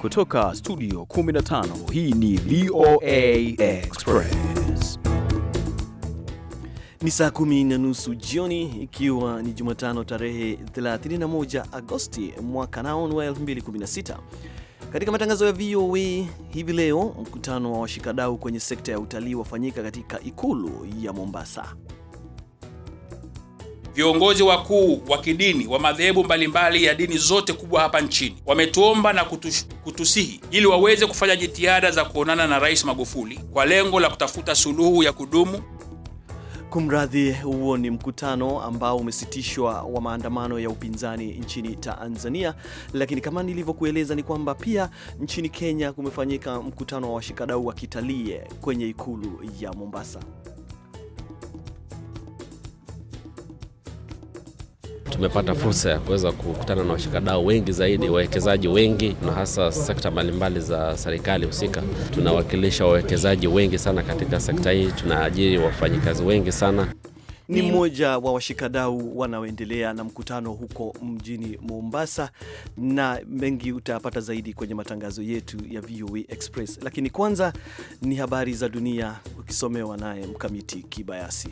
Kutoka studio 15 hii ni VOA Express. Ni saa kumi na nusu jioni ikiwa ni Jumatano tarehe 31 Agosti mwaka naon wa 2016. Katika matangazo ya VOA hivi leo, mkutano wa washikadau kwenye sekta ya utalii wafanyika katika ikulu ya Mombasa. Viongozi wakuu wa kidini wa madhehebu mbalimbali ya dini zote kubwa hapa nchini wametuomba na kutush, kutusihi ili waweze kufanya jitihada za kuonana na Rais Magufuli kwa lengo la kutafuta suluhu ya kudumu. Kumradhi, huo ni mkutano ambao umesitishwa wa maandamano ya upinzani nchini Tanzania, lakini kama nilivyokueleza ni kwamba pia nchini Kenya kumefanyika mkutano wa washikadau wa kitalii kwenye ikulu ya Mombasa. Tumepata fursa ya kuweza kukutana na washikadau wengi zaidi, wawekezaji wengi, na hasa sekta mbalimbali za serikali husika. Tunawakilisha wawekezaji wengi sana katika sekta hii, tunaajiri wafanyikazi wengi sana. Ni mmoja wa washikadau wanaoendelea na mkutano huko mjini Mombasa, na mengi utayapata zaidi kwenye matangazo yetu ya VOA Express, lakini kwanza ni habari za dunia ukisomewa naye Mkamiti Kibayasi.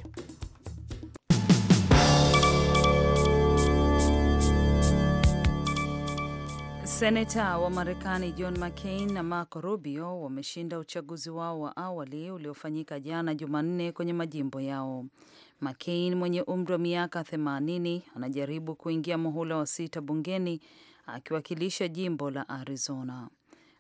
Seneta wa Marekani John McCain na Marco Rubio wameshinda uchaguzi wao wa awali uliofanyika jana Jumanne kwenye majimbo yao. McCain mwenye umri wa miaka 80 anajaribu kuingia muhula wa sita bungeni akiwakilisha jimbo la Arizona.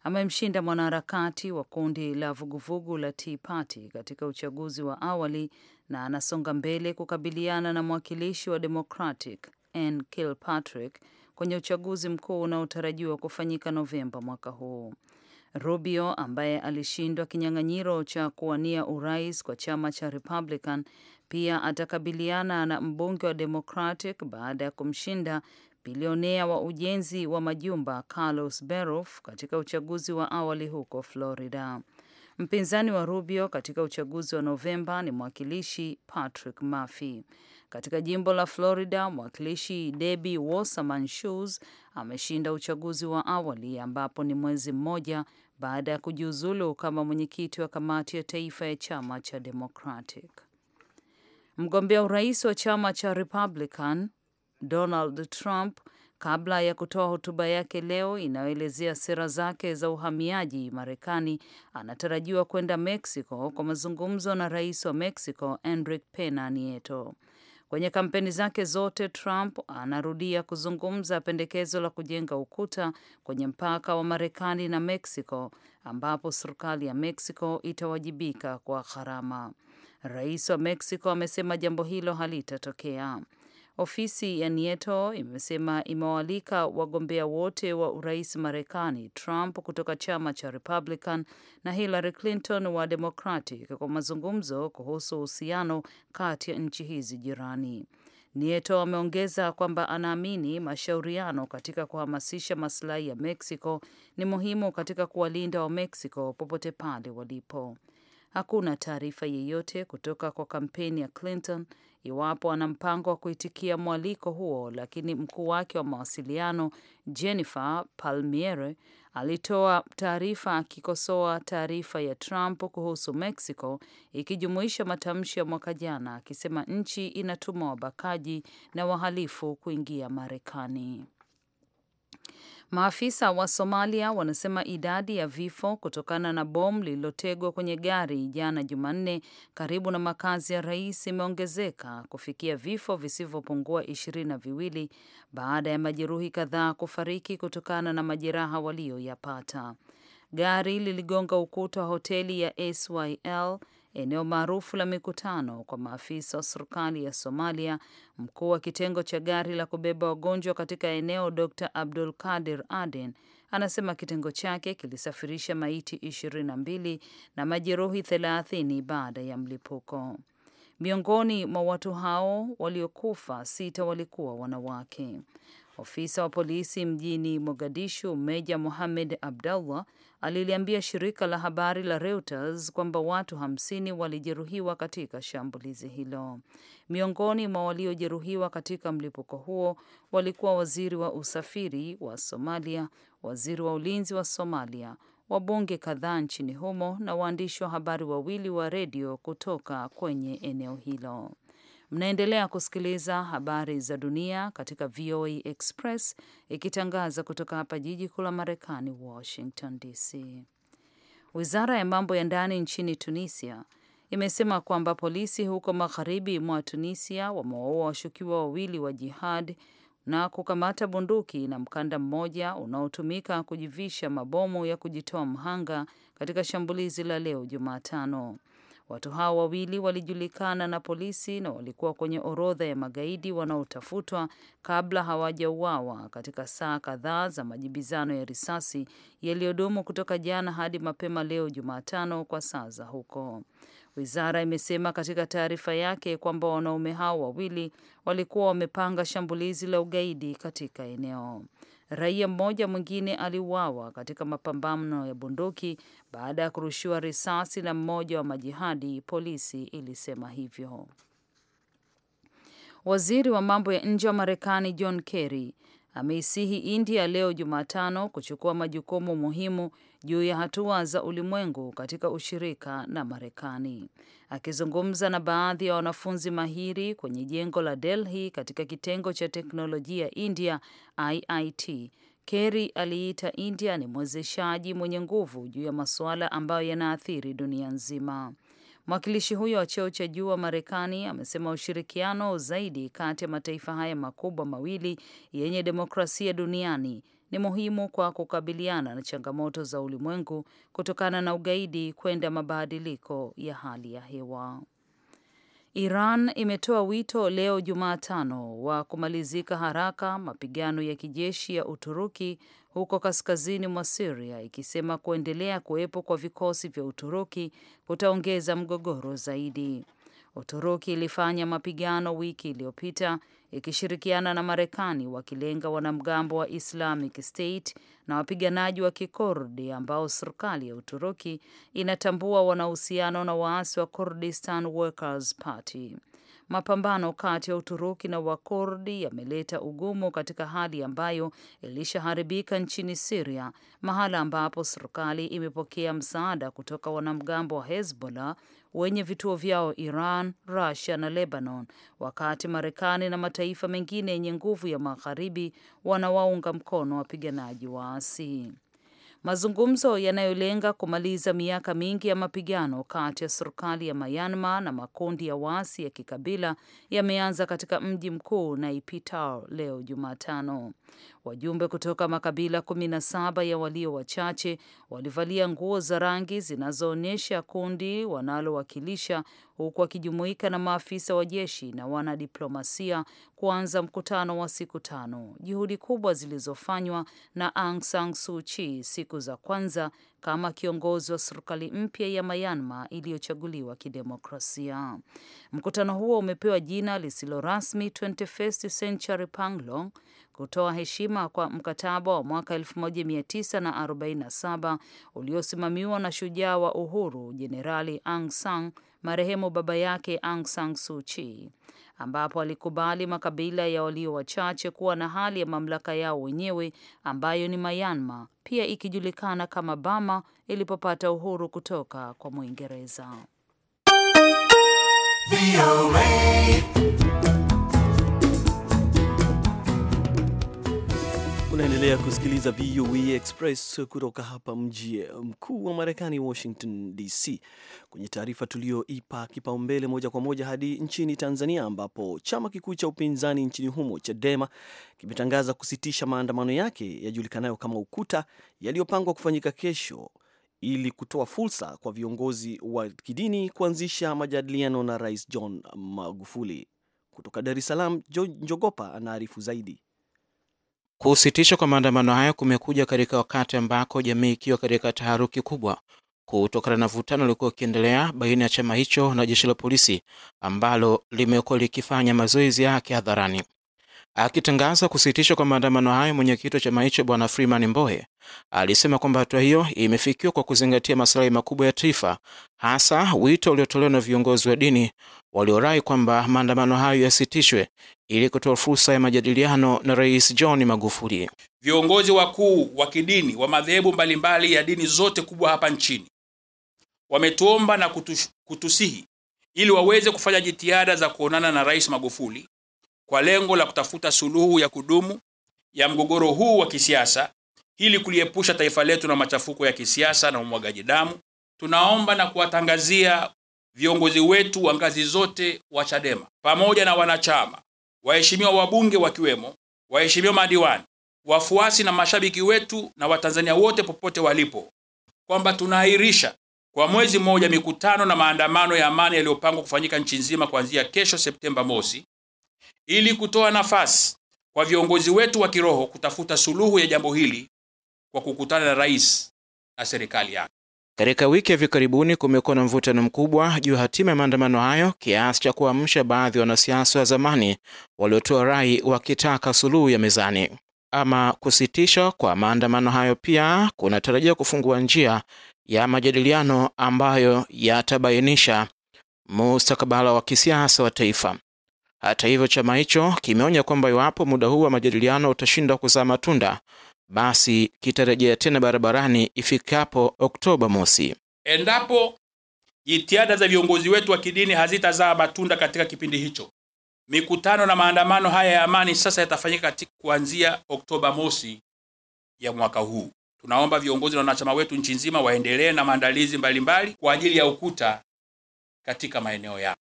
Amemshinda mwanaharakati wa kundi la vuguvugu la Tea Party katika uchaguzi wa awali na anasonga mbele kukabiliana na mwakilishi wa Democratic Ann Kilpatrick kwenye uchaguzi mkuu unaotarajiwa kufanyika Novemba mwaka huu. Rubio ambaye alishindwa kinyang'anyiro cha kuwania urais kwa chama cha Republican pia atakabiliana na mbunge wa Democratic baada ya kumshinda bilionea wa ujenzi wa majumba Carlos Berov katika uchaguzi wa awali huko Florida. Mpinzani wa Rubio katika uchaguzi wa Novemba ni mwakilishi Patrick Murphy. Katika jimbo la Florida, mwakilishi Debbie Wasserman Schultz ameshinda uchaguzi wa awali ambapo ni mwezi mmoja baada ya kujiuzulu kama mwenyekiti wa kamati ya taifa ya chama cha Democratic. Mgombea urais wa chama cha Republican Donald Trump kabla ya kutoa hotuba yake leo inayoelezea sera zake za uhamiaji. Marekani anatarajiwa kwenda Mexico kwa mazungumzo na rais wa Mexico Enrique Pena Nieto. Kwenye kampeni zake zote, Trump anarudia kuzungumza pendekezo la kujenga ukuta kwenye mpaka wa Marekani na Mexico, ambapo serikali ya Mexico itawajibika kwa gharama. Rais wa Mexico amesema jambo hilo halitatokea. Ofisi ya Nieto imesema imewaalika wagombea wote wa urais Marekani, Trump kutoka chama cha Republican na Hillary Clinton wa Democratic kwa mazungumzo kuhusu uhusiano kati ya nchi hizi jirani. Nieto ameongeza kwamba anaamini mashauriano katika kuhamasisha masilahi ya Mexico ni muhimu katika kuwalinda wa Mexico popote pale walipo. Hakuna taarifa yeyote kutoka kwa kampeni ya Clinton iwapo ana mpango wa kuitikia mwaliko huo, lakini mkuu wake wa mawasiliano Jennifer palmiere alitoa taarifa akikosoa taarifa ya Trump kuhusu Mexico ikijumuisha matamshi ya mwaka jana akisema nchi inatuma wabakaji na wahalifu kuingia Marekani. Maafisa wa Somalia wanasema idadi ya vifo kutokana na bomu lililotegwa kwenye gari jana Jumanne karibu na makazi ya rais imeongezeka kufikia vifo visivyopungua ishirini na viwili baada ya majeruhi kadhaa kufariki kutokana na majeraha waliyoyapata. Gari liligonga ukuta wa hoteli ya SYL eneo maarufu la mikutano kwa maafisa wa serikali ya Somalia. Mkuu wa kitengo cha gari la kubeba wagonjwa katika eneo Dr Abdul Kadir Aden anasema kitengo chake kilisafirisha maiti ishirini na mbili na majeruhi thelathini baada ya mlipuko. Miongoni mwa watu hao waliokufa, sita walikuwa wanawake. Ofisa wa polisi mjini Mogadishu, Meja Mohamed Abdallah, aliliambia shirika la habari la Reuters kwamba watu hamsini walijeruhiwa katika shambulizi hilo. Miongoni mwa waliojeruhiwa katika mlipuko huo walikuwa waziri wa usafiri wa Somalia, waziri wa ulinzi wa Somalia, wabunge kadhaa nchini humo na waandishi wa habari wawili wa redio kutoka kwenye eneo hilo. Mnaendelea kusikiliza habari za dunia katika VOA Express ikitangaza kutoka hapa jiji kuu la Marekani, Washington DC. Wizara ya mambo ya ndani nchini Tunisia imesema kwamba polisi huko magharibi mwa Tunisia wamewaua washukiwa wawili wa jihad na kukamata bunduki na mkanda mmoja unaotumika kujivisha mabomu ya kujitoa mhanga katika shambulizi la leo Jumatano. Watu hao wawili walijulikana na polisi na walikuwa kwenye orodha ya magaidi wanaotafutwa kabla hawajauawa katika saa kadhaa za majibizano ya risasi yaliyodumu kutoka jana hadi mapema leo Jumatano kwa saa za huko. Wizara imesema katika taarifa yake kwamba wanaume hao wawili walikuwa wamepanga shambulizi la ugaidi katika eneo. Raia mmoja mwingine aliuawa katika mapambano ya bunduki baada ya kurushiwa risasi na mmoja wa majihadi, polisi ilisema hivyo. Waziri wa mambo ya nje wa Marekani John Kerry ameisihi India leo Jumatano kuchukua majukumu muhimu juu ya hatua za ulimwengu katika ushirika na Marekani. Akizungumza na baadhi ya wanafunzi mahiri kwenye jengo la Delhi katika kitengo cha teknolojia India IIT, Kerry aliita India ni mwezeshaji mwenye nguvu juu ya masuala ambayo yanaathiri dunia nzima. Mwakilishi huyo wa cheo cha juu wa Marekani amesema ushirikiano zaidi kati ya mataifa haya makubwa mawili yenye demokrasia duniani ni muhimu kwa kukabiliana na changamoto za ulimwengu kutokana na ugaidi kwenda mabadiliko ya hali ya hewa. Iran imetoa wito leo Jumatano wa kumalizika haraka mapigano ya kijeshi ya Uturuki huko kaskazini mwa Siria, ikisema kuendelea kuwepo kwa vikosi vya Uturuki kutaongeza mgogoro zaidi. Uturuki ilifanya mapigano wiki iliyopita ikishirikiana na Marekani wakilenga wanamgambo wa Islamic State na wapiganaji wa Kikurdi ambao serikali ya Uturuki inatambua wana uhusiano na waasi wa Kurdistan Workers Party. Mapambano kati ya Uturuki na Wakurdi yameleta ugumu katika hali ambayo ilishaharibika nchini Siria, mahala ambapo serikali imepokea msaada kutoka wanamgambo wa Hezbollah wenye vituo vyao Iran, Russia na Lebanon, wakati Marekani na mataifa mengine yenye nguvu ya magharibi wanawaunga mkono wapiganaji waasi mazungumzo yanayolenga kumaliza miaka mingi ya mapigano kati ya serikali ya Myanmar na makundi ya waasi ya kikabila yameanza katika mji mkuu Naypyidaw leo Jumatano. Wajumbe kutoka makabila kumi saba ya walio wachache walivalia nguo za rangi zinazoonyesha kundi wanalowakilisha huku wakijumuika na maafisa wa jeshi na wanadiplomasia kuanza mkutano wa siku tano. Juhudi kubwa zilizofanywa na Aung San Suu Kyi siku za kwanza kama kiongozi wa serikali mpya ya Myanmar iliyochaguliwa kidemokrasia. Mkutano huo umepewa jina lisilo rasmi 21st Century Panglong kutoa heshima kwa mkataba wa mwaka 1947 uliosimamiwa na shujaa wa uhuru Jenerali Aung San marehemu baba yake Aung San Suu Kyi, ambapo alikubali makabila ya walio wachache kuwa na hali ya mamlaka yao wenyewe ambayo ni myanma pia ikijulikana kama bama ilipopata uhuru kutoka kwa Mwingereza. Unaendelea kusikiliza VOA e Express kutoka hapa mji mkuu wa Marekani, Washington DC. Kwenye taarifa tuliyoipa kipaumbele, moja kwa moja hadi nchini Tanzania, ambapo chama kikuu cha upinzani nchini humo Chadema kimetangaza kusitisha maandamano yake yajulikanayo kama Ukuta yaliyopangwa kufanyika kesho ili kutoa fursa kwa viongozi wa kidini kuanzisha majadiliano na Rais John Magufuli. Kutoka Dar es Salaam, Njogopa anaarifu zaidi. Kusitishwa kwa maandamano hayo kumekuja katika wakati ambako jamii ikiwa katika taharuki kubwa kutokana na vutano uliokuwa ukiendelea baina ya chama hicho na jeshi la polisi ambalo limekuwa likifanya mazoezi yake hadharani. Akitangaza kusitishwa kwa maandamano hayo, mwenyekiti wa chama hicho Bwana Freeman Mbowe alisema kwamba hatua hiyo imefikiwa kwa kuzingatia masilahi makubwa ya taifa, hasa wito uliotolewa na viongozi wa dini waliorai kwamba maandamano hayo yasitishwe ili kutoa fursa ya majadiliano na Rais John Magufuli. Viongozi wakuu wa kidini wa madhehebu mbalimbali ya dini zote kubwa hapa nchini wametuomba na kutush, kutusihi ili waweze kufanya jitihada za kuonana na Rais Magufuli kwa lengo la kutafuta suluhu ya kudumu ya mgogoro huu wa kisiasa ili kuliepusha taifa letu na machafuko ya kisiasa na umwagaji damu. Tunaomba na kuwatangazia viongozi wetu wa ngazi zote wa Chadema pamoja na wanachama, waheshimiwa wabunge wakiwemo, waheshimiwa madiwani, wafuasi na mashabiki wetu na Watanzania wote popote walipo, kwamba tunaahirisha kwa mwezi mmoja mikutano na maandamano ya amani yaliyopangwa kufanyika nchi nzima kuanzia kesho Septemba mosi, ili kutoa nafasi kwa viongozi wetu wa kiroho kutafuta suluhu ya jambo hili kwa kukutana na rais na serikali yake. Katika wiki ya hivi karibuni kumekuwa na mvutano mkubwa juu ya hatima ya maandamano hayo kiasi cha kuamsha baadhi ya wanasiasa wa zamani waliotoa rai wakitaka suluhu ya mezani. Ama kusitishwa kwa maandamano hayo pia kunatarajia kufungua njia ya majadiliano ambayo yatabainisha mustakabala wa kisiasa wa taifa. Hata hivyo, chama hicho kimeonya kwamba iwapo muda huu wa majadiliano utashindwa kuzaa matunda, basi kitarejea tena barabarani ifikapo Oktoba mosi. Endapo jitihada za viongozi wetu wa kidini hazitazaa matunda katika kipindi hicho, mikutano na maandamano haya ya amani sasa yatafanyika kuanzia Oktoba mosi ya mwaka huu. Tunaomba viongozi na wanachama wetu nchi nzima waendelee na maandalizi mbalimbali kwa ajili ya ukuta katika maeneo yao.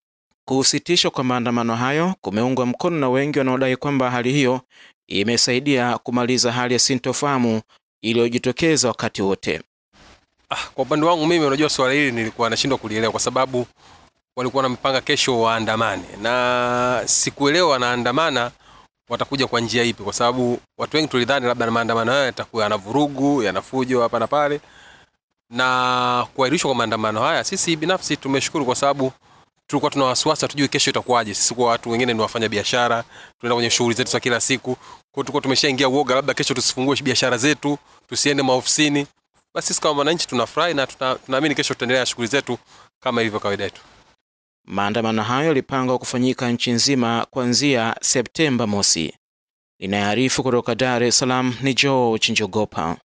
Kusitishwa kwa maandamano hayo kumeungwa mkono na wengi wanaodai kwamba hali hiyo imesaidia kumaliza hali ya sintofahamu iliyojitokeza wakati wote. Ah, kwa upande wangu mimi, unajua swala hili nilikuwa nashindwa kulielewa kwa sababu walikuwa mpanga kesho waandamane, na sikuelewa wanaandamana watakuja kwa njia ipi, kwa sababu watu wengi tulidhani labda maandamano haya yatakuwa yana vurugu, yana fujo hapa na pale. Na kuahirishwa kwa maandamano haya, sisi binafsi tumeshukuru kwa sababu tulikuwa tuna wasiwasi, hatujui kesho itakuwaje. Sisi kwa watu wengine ni wafanya biashara, tunaenda kwenye shughuli zetu za kila siku, kwao tulikuwa tumeshaingia uoga, labda kesho tusifungue biashara zetu, tusiende maofisini. Basi sisi kama wananchi tunafurahi na tunaamini kesho tutaendelea na shughuli zetu kama ilivyo kawaida yetu. Maandamano hayo yalipangwa kufanyika nchi nzima kuanzia Septemba mosi. Inayoarifu kutoka Dar es Salaam ni joo Njogopa.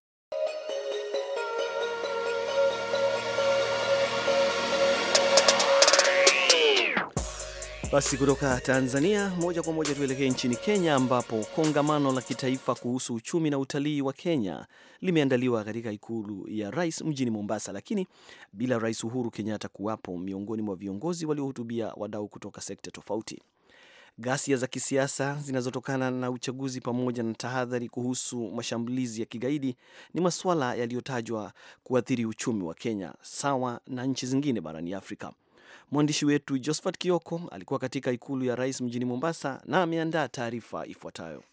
Basi kutoka Tanzania moja kwa moja tuelekee nchini Kenya, ambapo kongamano la kitaifa kuhusu uchumi na utalii wa Kenya limeandaliwa katika ikulu ya rais mjini Mombasa, lakini bila Rais Uhuru Kenyatta kuwapo miongoni mwa viongozi waliohutubia wadau kutoka sekta tofauti. Ghasia za kisiasa zinazotokana na uchaguzi pamoja na tahadhari kuhusu mashambulizi ya kigaidi ni masuala yaliyotajwa kuathiri uchumi wa Kenya sawa na nchi zingine barani Afrika. Mwandishi wetu Josphat Kioko alikuwa katika ikulu ya rais mjini Mombasa na ameandaa taarifa ifuatayo.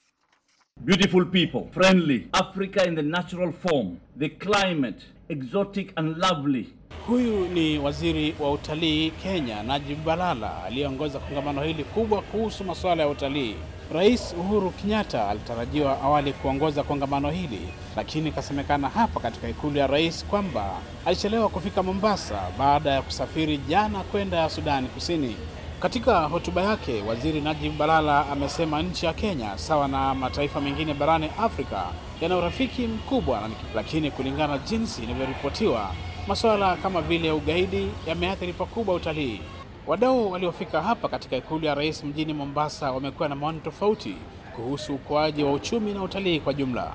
Beautiful people, friendly, Africa in the natural form, the climate, exotic and lovely. Huyu ni waziri wa utalii Kenya, Najib Balala, aliyeongoza kongamano hili kubwa kuhusu masuala ya utalii. Rais Uhuru Kenyatta alitarajiwa awali kuongoza kongamano hili, lakini ikasemekana hapa katika ikulu ya rais kwamba alichelewa kufika Mombasa baada ya kusafiri jana kwenda Sudani Kusini. Katika hotuba yake, Waziri Najib Balala amesema nchi ya Kenya sawa na mataifa mengine barani Afrika yana urafiki mkubwa, lakini kulingana jinsi inavyoripotiwa, masuala kama vile ugaidi yameathiri pakubwa utalii. Wadau waliofika hapa katika ikulu ya rais mjini Mombasa wamekuwa na maoni tofauti kuhusu ukuaji wa uchumi na utalii kwa jumla.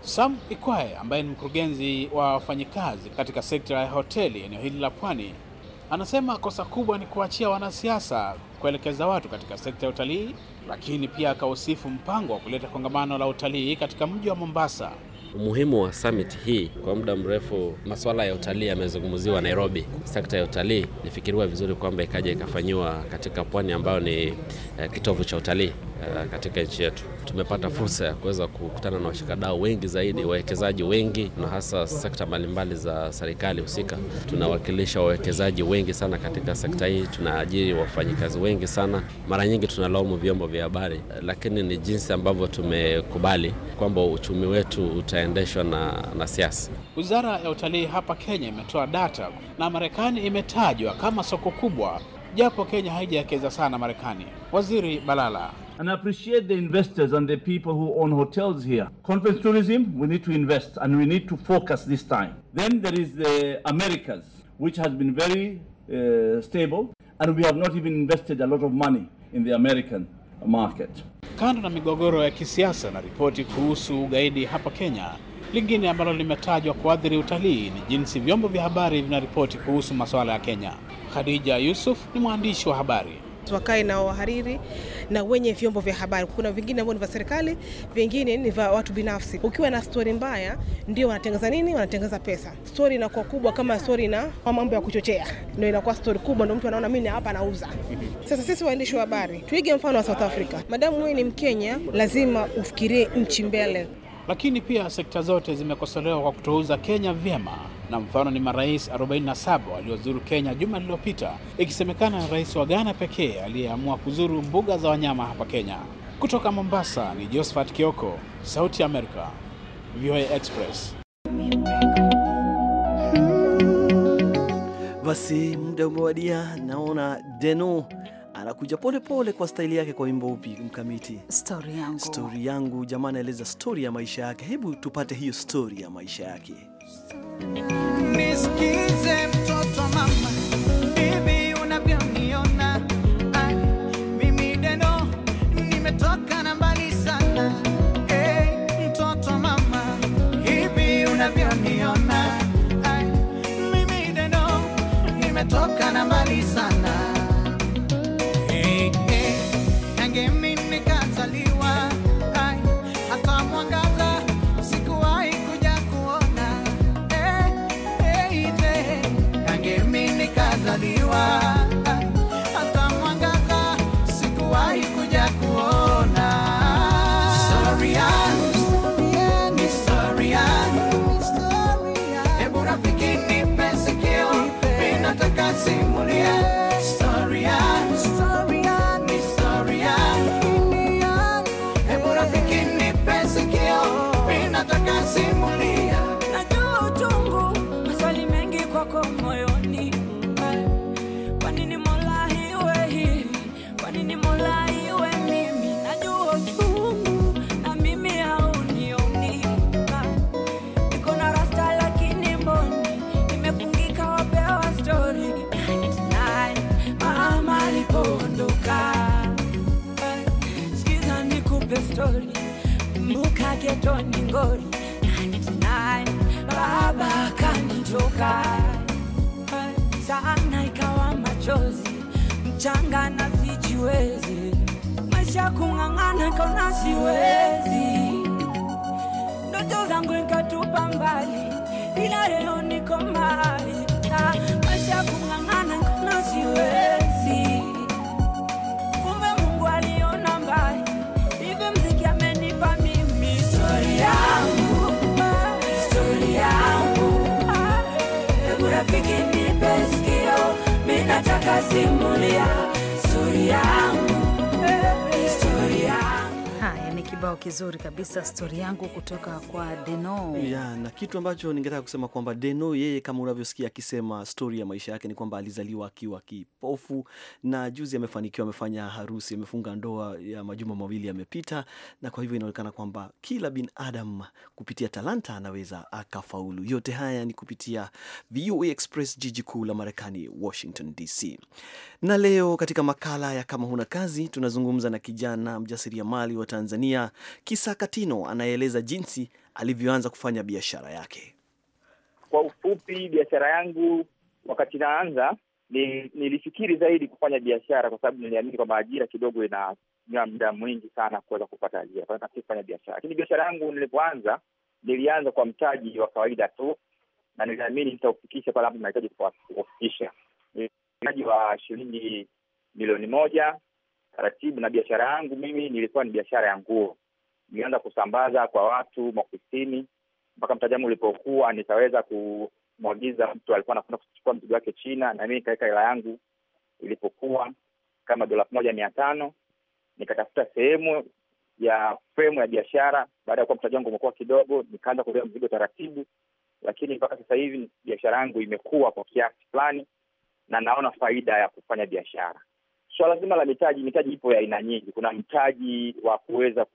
Sam Ikwae ambaye ni mkurugenzi wa wafanyikazi katika sekta ya hoteli eneo hili la Pwani anasema kosa kubwa ni kuachia wanasiasa kuelekeza watu katika sekta ya utalii, lakini pia akausifu mpango wa kuleta kongamano la utalii katika mji wa Mombasa umuhimu wa summit hii. Kwa muda mrefu masuala ya utalii yamezungumziwa Nairobi, sekta ya utalii nifikiriwa vizuri kwamba ikaja ikafanyiwa katika pwani ambayo ni eh, kitovu cha utalii. Eh, katika nchi yetu. Tumepata fursa ya kuweza kukutana na washikadau wengi zaidi, wawekezaji wengi, na hasa sekta mbalimbali za serikali husika. Tunawakilisha wawekezaji wengi sana katika sekta hii, tunaajiri wafanyikazi wengi sana. Mara nyingi tunalaumu vyombo vya habari, lakini ni jinsi ambavyo tumekubali kwamba uchumi wetu utaendeshwa na, na siasa. Wizara ya utalii hapa Kenya imetoa data na Marekani imetajwa kama soko kubwa, japo Kenya haijawekeza sana Marekani. Waziri Balala and appreciate the investors and the people who own hotels here. Conference tourism, we need to invest and we need to focus this time. Then there is the Americas, which has been very uh, stable, and we have not even invested a lot of money in the American market. Kando na migogoro ya kisiasa na ripoti kuhusu ugaidi hapa Kenya, lingine ambalo limetajwa kuathiri utalii ni jinsi vyombo vya habari vinaripoti kuhusu masuala ya Kenya. Khadija Yusuf ni mwandishi wa habari wakae na wahariri na wenye vyombo vya habari. Kuna vingine ambao ni vya serikali, vingine ni vya watu binafsi. Ukiwa na stori mbaya, ndio wanatengeza nini, wanatengeza pesa. Stori inakuwa kubwa, kama stori na mambo ya kuchochea, ndio inakuwa stori kubwa, ndio mtu anaona mimi hapa nauza. Sasa sisi waandishi wa habari tuige mfano wa South Africa. Madamu wewe ni Mkenya, lazima ufikirie nchi mbele. Lakini pia sekta zote zimekosolewa kwa kutouza Kenya vyema, na mfano ni marais 47 waliozuru Kenya juma lililopita, ikisemekana rais wa Ghana pekee aliyeamua kuzuru mbuga za wanyama hapa Kenya. Kutoka Mombasa ni Josephat Kioko, Sauti ya Amerika, VOA Express. Basi muda umewadia, naona denu anakuja polepole kwa staili yake, kwa wimbo upi mkamiti? Stori yangu, stori yangu, jamaa anaeleza stori ya maisha yake. Hebu tupate hiyo stori ya maisha yake. Nisikize mtu Getoni Ngori nani, nani, baba kanitoka sana, ikawa machozi mchanga na sijiwezi, maisha kung'ang'ana kaona siwezi, ndoto zangu nikatupa mbali, ila leo niko mbali, ah, maisha kung'ang'ana nataka simulia suri yangu kibao kizuri kabisa, stori yangu kutoka kwa Deno ya, na kitu ambacho ningetaka kusema kwamba Deno yeye, kama unavyosikia akisema stori ya maisha yake ni kwamba alizaliwa akiwa kipofu na juzi amefanikiwa, amefanya harusi, amefunga ndoa ya majuma mawili yamepita, na kwa hivyo inaonekana kwamba kila binadamu kupitia talanta anaweza akafaulu. Yote haya ni kupitia VOA Express, jiji kuu la Marekani, Washington DC. Na leo katika makala ya kama huna kazi tunazungumza na kijana mjasiriamali wa Tanzania Kisa Katino anaeleza jinsi alivyoanza kufanya biashara yake. Kwa ufupi, biashara yangu wakati naanza ni, nilifikiri zaidi kufanya biashara kwa sababu niliamini kwamba ajira kidogo ina muda mwingi sana kuweza kupata ajira, kwa hiyo biashara. Lakini biashara yangu nilipoanza, nilianza kwa mtaji wa kawaida tu, na niliamini nitaufikisha pale ambapo nahitaji kuufikisha. Mtaji wa shilingi milioni moja taratibu. Na biashara yangu mimi nilikuwa ni biashara ya nguo, nilianza kusambaza kwa watu maofisini, mpaka mtajamu ulipokuwa nikaweza kumwagiza mtu alikuwa anakwenda kuchukua mzigo wake China, na mii nikaweka hela yangu ilipokuwa kama dola elfu moja mia tano nikatafuta sehemu ya fremu ya biashara. Baada ya kuwa mtaji wangu umekuwa kidogo, nikaanza kulea mzigo taratibu, lakini mpaka sasa hivi biashara yangu imekuwa kwa kiasi fulani na naona faida ya kufanya biashara. Swala so, zima la mitaji, mitaji ipo ya aina nyingi. Kuna mtaji wa kuweza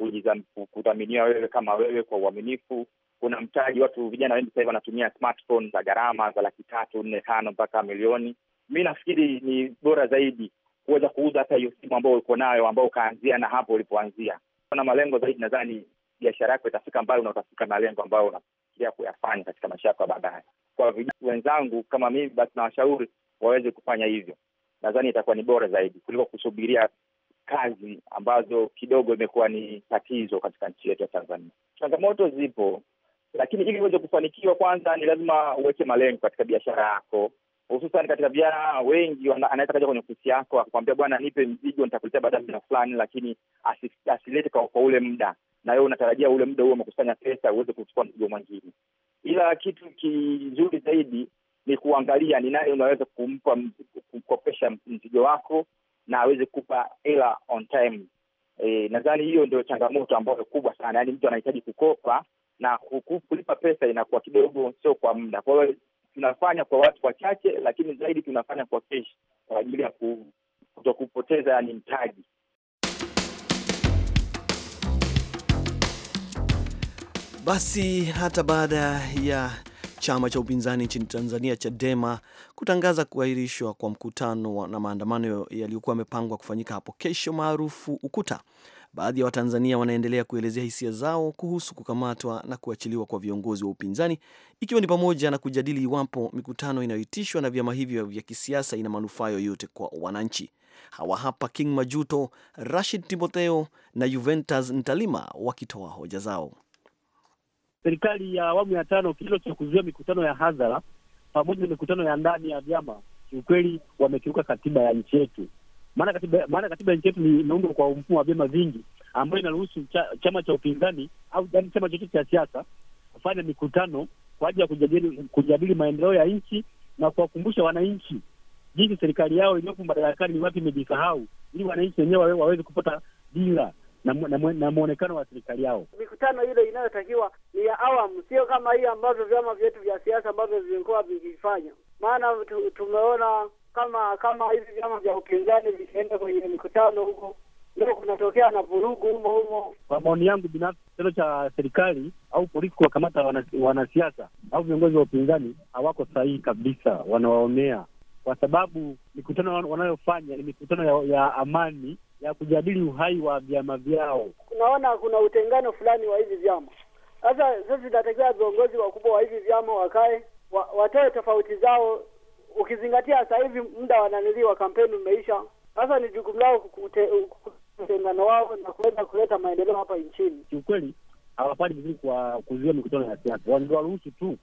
kudhaminiwa wewe kama wewe kwa uaminifu. Kuna mtaji, watu vijana wengi sahivi wanatumia smartphone za gharama za laki tatu nne tano mpaka milioni. Mi nafikiri ni bora zaidi kuweza kuuza hata hiyo simu ambayo uko nayo, ambao ukaanzia na hapo ulipoanzia. Kuna malengo zaidi, nadhani biashara yako itafika mbali na utafika malengo ambayo unafikiria kuyafanya katika maisha yako ya baadaye. Kwa vijana wenzangu kama mimi, basi nawashauri waweze kufanya hivyo nadhani itakuwa ni bora zaidi kuliko kusubiria kazi ambazo kidogo imekuwa ni tatizo katika nchi yetu ya Tanzania. Changamoto zipo, lakini ili uweze kufanikiwa, kwanza ni lazima uweke malengo katika biashara yako, hususan katika vijana wengi. Anaweza kaja kwenye ofisi yako akakwambia, bwana, nipe mzigo, nitakuletea baada ya muda fulani, lakini asilete kwa, ule muda, na wewe unatarajia ule muda huo umekusanya pesa uweze kuchukua mzigo mwingine. Ila kitu kizuri zaidi ni kuangalia ni nani unaweza kumpa kukopesha mzigo wako na aweze kupa hela on time. E, nadhani hiyo ndio changamoto ambayo kubwa sana, yaani mtu anahitaji kukopa na kulipa pesa inakuwa kidogo, sio kwa muda. Kwa hiyo tunafanya kwa watu wachache, lakini zaidi tunafanya kwa keshi kwa ajili ya kuto kupoteza yani mtaji. Basi hata baada ya chama cha upinzani nchini Tanzania Chadema kutangaza kuahirishwa kwa mkutano na maandamano yaliyokuwa yamepangwa kufanyika hapo kesho maarufu Ukuta. Baadhi ya Watanzania wanaendelea kuelezea hisia zao kuhusu kukamatwa na kuachiliwa kwa viongozi wa upinzani, ikiwa ni pamoja na kujadili iwapo mikutano inayoitishwa na vyama hivyo vya kisiasa ina manufaa yoyote kwa wananchi. Hawa hapa King Majuto, Rashid Timotheo na Juventus Ntalima wakitoa hoja zao serikali ya awamu ya tano kilo cha kuzuia mikutano ya hadhara pamoja na mikutano ya ndani ya vyama, kiukweli wamekiuka katiba ya nchi yetu, maana katiba, maana katiba ya nchi yetu imeundwa kwa mfumo wa vyama vingi ambayo inaruhusu cha, chama cha upinzani au yaani chama chochote cha siasa kufanya mikutano kwa ajili ya kujadili, kujadili maendeleo ya nchi na kuwakumbusha wananchi jinsi serikali yao iliyopo madarakani ni wapi imejisahau, ili wananchi wenyewe waweze kupata dira na, na, mwonekano wa serikali yao. Mikutano ile inayotakiwa ni ya awamu, sio kama hii ambavyo vyama vyetu vya siasa ambavyo vimekuwa vikifanya. Maana tumeona kama kama hivi vyama vya upinzani vikienda kwenye mikutano huko leo kunatokea na vurugu humo humo. Kwa maoni yangu binafsi, kitendo cha serikali au polisi kuwakamata wanasiasa wana au viongozi wa upinzani hawako sahihi kabisa, wanawaonea kwa sababu mikutano wanayofanya ni mikutano ya, ya amani ya kujadili uhai wa vyama vyao. Unaona kuna utengano fulani wa hivi vyama. Sasa sisi tunatakiwa viongozi wakubwa wa hivi vyama wakae wa, watoe tofauti zao, ukizingatia sasa hivi muda nanilii wa kampeni umeisha. Sasa ni jukumu lao utengano wao na kuweza kuleta maendeleo hapa nchini. Kiukweli hawafani vizuri kwa kuzuia mikutano ya siasa, wangewaruhusu tu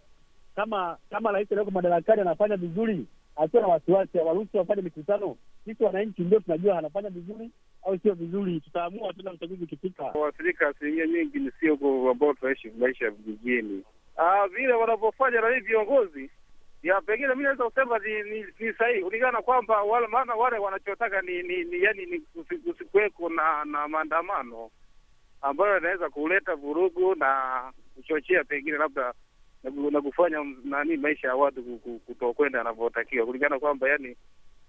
kama kama rais aliyoko madarakani anafanya vizuri hakiwa na wasiwasi, waruhusu wafanye mikutano. Sisi wananchi ndio tunajua anafanya vizuri au sio vizuri, tutaamua tena mchaguzi ukifika. Waafrika asilimia nyingi ni sio ambao tunaishi maisha ya vijijini, ah, vile wanavyofanya na hii viongozi ya pengine mi naweza kusema ni, ni, ni sahihi kulingana kwamba wale maana wale wanachotaka ni ni, ni, yani, ni kusikuweko na na maandamano ambayo yanaweza kuleta vurugu na kuchochea pengine labda na kufanya nani maisha ya watu kutokwenda anavyotakiwa, kulingana kwamba yani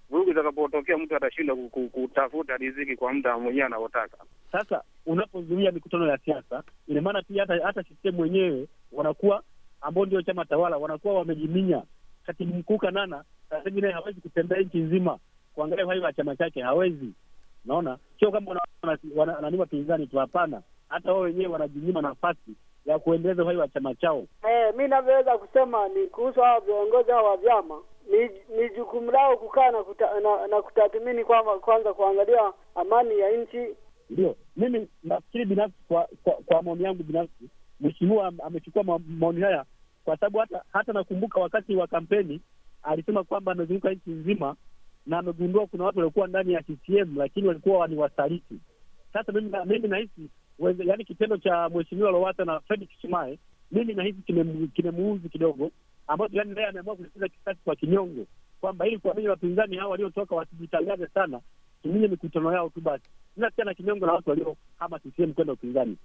vurugu zitakapotokea mtu atashindwa kutafuta riziki kwa muda mwenyewe anaotaka. Sasa unapozuia mikutano ya siasa, ina maana pia hata hata sistemu wenyewe wanakuwa ambao ndio chama tawala wanakuwa wamejiminya. Katibu mkuu Kanana saa hawezi kutembea nchi nzima kuangalia uhai wa chama chake, hawezi. Naona sio kama wananiwa pinzani tu, hapana, hata wao wenyewe wanajinyima nafasi ya kuendeleza uhai wa chama chao. Eh, mi navyoweza kusema ni kuhusu hawa viongozi hawa wa vyama ni, ni jukumu lao kukaa na, kuta, na, na kutathmini kwamba kwanza kuangalia amani ya nchi. Ndio mimi nafikiri binafsi, kwa kwa, kwa maoni yangu binafsi, mheshimiwa amechukua maoni haya kwa sababu hata hata nakumbuka wakati wa kampeni alisema kwamba amezunguka nchi nzima na amegundua kuna watu waliokuwa ndani ya CCM lakini walikuwa ni wasaliti. Sasa mimi nahisi yaani kitendo cha mheshimiwa Lowata na Felix Sumaye mimi nahisi kimemuuzi kidogo, ambapo yaani naye ameamua kulipiza kisasi kwa kinyongo, kwamba ili kuwamenya wapinzani hao waliotoka wasijitangaze sana, tuminye mikutano yao tu basi, sina na kinyongo na watu waliohama CCM kwenda upinzani.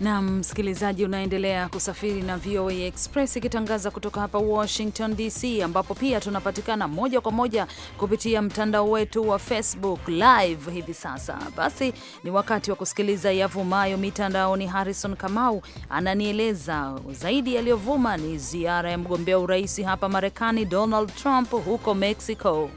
na msikilizaji, unaendelea kusafiri na VOA Express ikitangaza kutoka hapa Washington DC, ambapo pia tunapatikana moja kwa moja kupitia mtandao wetu wa Facebook Live hivi sasa. Basi ni wakati wa kusikiliza yavumayo mitandaoni. Harrison Kamau ananieleza zaidi. Yaliyovuma ni ziara ya mgombea urais hapa Marekani Donald Trump huko Mexico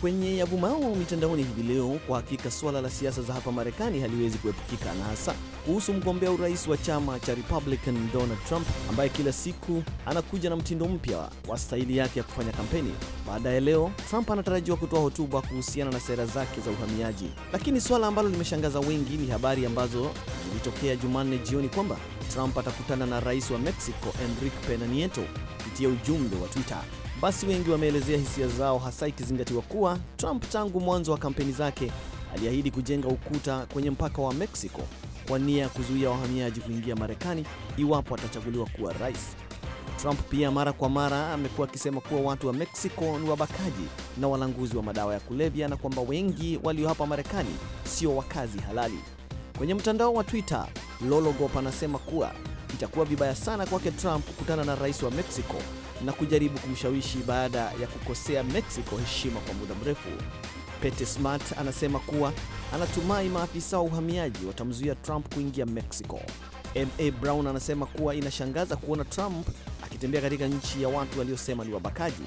kwenye yavumao mitandaoni hivi leo. Kwa hakika suala la siasa za hapa Marekani haliwezi kuepukika, na hasa kuhusu mgombea urais wa chama cha Republican Donald Trump ambaye kila siku anakuja na mtindo mpya wa staili yake ya kufanya kampeni. Baadaye leo Trump anatarajiwa kutoa hotuba kuhusiana na sera zake za uhamiaji, lakini swala ambalo limeshangaza wengi ni habari ambazo zilitokea Jumanne jioni kwamba Trump atakutana na rais wa Mexico Enrique Pena Nieto kupitia ujumbe wa Twitter. Basi wengi wameelezea hisia zao, hasa ikizingatiwa kuwa Trump tangu mwanzo wa kampeni zake aliahidi kujenga ukuta kwenye mpaka wa Mexico kwa nia ya kuzuia wahamiaji kuingia Marekani iwapo atachaguliwa kuwa rais. Trump pia mara kwa mara amekuwa akisema kuwa watu wa Mexico ni wabakaji na walanguzi wa madawa ya kulevya na kwamba wengi walio hapa Marekani sio wakazi halali. Kwenye mtandao wa Twitter, Lologop anasema kuwa itakuwa vibaya sana kwake Trump kukutana na rais wa Mexico na kujaribu kumshawishi baada ya kukosea Mexico heshima kwa muda mrefu. Pete Smart anasema kuwa anatumai maafisa wa uhamiaji watamzuia Trump kuingia Mexico. Ma Brown anasema kuwa inashangaza kuona Trump akitembea katika nchi ya watu waliosema ni wabakaji.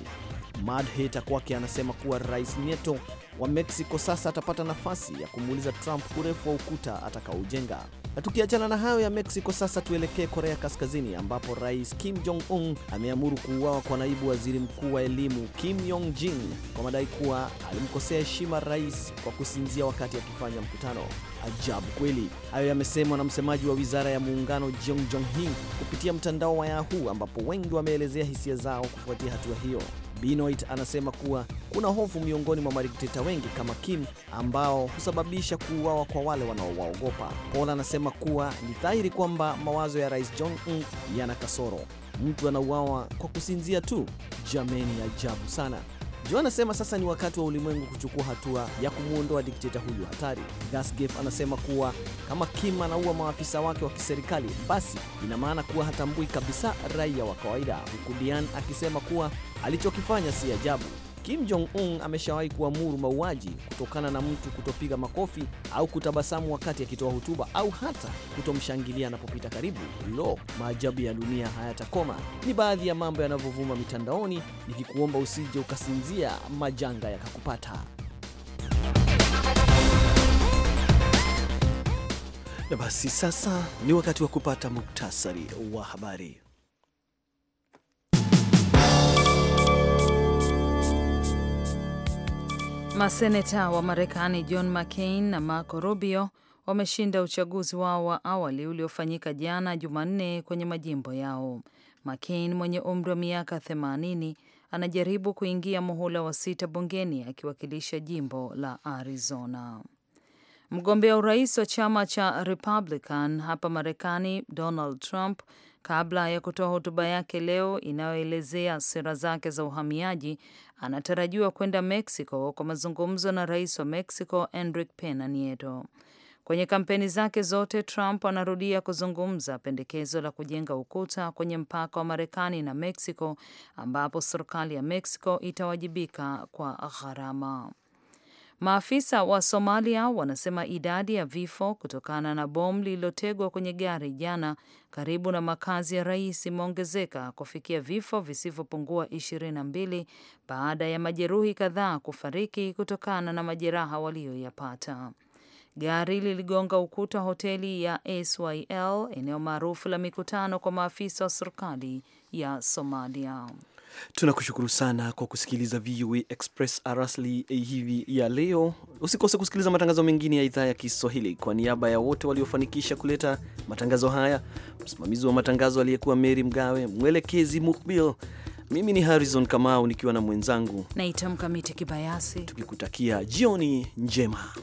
Mad Hater kwake anasema kuwa Rais Nieto wa Mexico sasa atapata nafasi ya kumuuliza Trump urefu wa ukuta atakaoujenga. Na tukiachana na hayo ya Mexico, sasa tuelekee Korea Kaskazini ambapo Rais Kim Jong Un ameamuru kuuawa kwa naibu waziri mkuu wa elimu Kim Yong Jin kwa madai kuwa alimkosea heshima rais kwa kusinzia wakati akifanya mkutano. Ajabu kweli! Hayo yamesemwa na msemaji wa wizara ya muungano Jong Jong Hing kupitia mtandao wa Yahoo, ambapo wengi wameelezea hisia zao kufuatia hatua hiyo. Binoit anasema kuwa kuna hofu miongoni mwa madikteta wengi kama Kim ambao husababisha kuuawa kwa wale wanaowaogopa. Paul anasema kuwa ni dhahiri kwamba mawazo ya Rais Jong Un yana kasoro. Mtu anauawa kwa kusinzia tu. Jameni, ajabu sana. Jo anasema sasa ni wakati wa ulimwengu kuchukua hatua ya kumwondoa dikteta huyu hatari. Gasgef anasema kuwa kama Kim anaua maafisa wake wa kiserikali, basi ina maana kuwa hatambui kabisa raia wa kawaida, huku Dian akisema kuwa alichokifanya si ajabu. Kim Jong Un ameshawahi kuamuru mauaji kutokana na mtu kutopiga makofi au kutabasamu wakati akitoa hotuba au hata kutomshangilia anapopita karibu. Lo, maajabu ya dunia hayatakoma. Ni baadhi ya mambo yanavyovuma mitandaoni, nikikuomba usije ukasinzia majanga yakakupata. Na basi sasa ni wakati wa kupata muktasari wa habari. Maseneta wa Marekani John McCain na Marco Rubio wameshinda uchaguzi wao wa awali uliofanyika jana Jumanne kwenye majimbo yao. McCain mwenye umri wa miaka 80 anajaribu kuingia muhula wa sita bungeni akiwakilisha jimbo la Arizona. Mgombea urais wa chama cha Republican hapa Marekani Donald Trump kabla ya kutoa hotuba yake leo inayoelezea sera zake za uhamiaji anatarajiwa kwenda Mexico kwa mazungumzo na rais wa Mexico Enrique Pena Nieto. Kwenye kampeni zake zote, Trump anarudia kuzungumza pendekezo la kujenga ukuta kwenye mpaka wa Marekani na Mexico ambapo serikali ya Mexico itawajibika kwa gharama. Maafisa wa Somalia wanasema idadi ya vifo kutokana na bomu lililotegwa kwenye gari jana karibu na makazi ya rais imeongezeka kufikia vifo visivyopungua ishirini na mbili baada ya majeruhi kadhaa kufariki kutokana na majeraha waliyoyapata. Gari liligonga ukuta hoteli ya Syl, eneo maarufu la mikutano kwa maafisa wa serikali ya Somalia. Tunakushukuru sana kwa kusikiliza VOA Express arasli hivi ya leo. Usikose kusikiliza matangazo mengine ya idhaa ya Kiswahili. Kwa niaba ya wote waliofanikisha kuleta matangazo haya, msimamizi wa matangazo aliyekuwa mery Mgawe, mwelekezi Mukbil, mimi ni Harrison Kamau nikiwa na mwenzangu naita Mkamiti Kibayasi, tukikutakia jioni njema.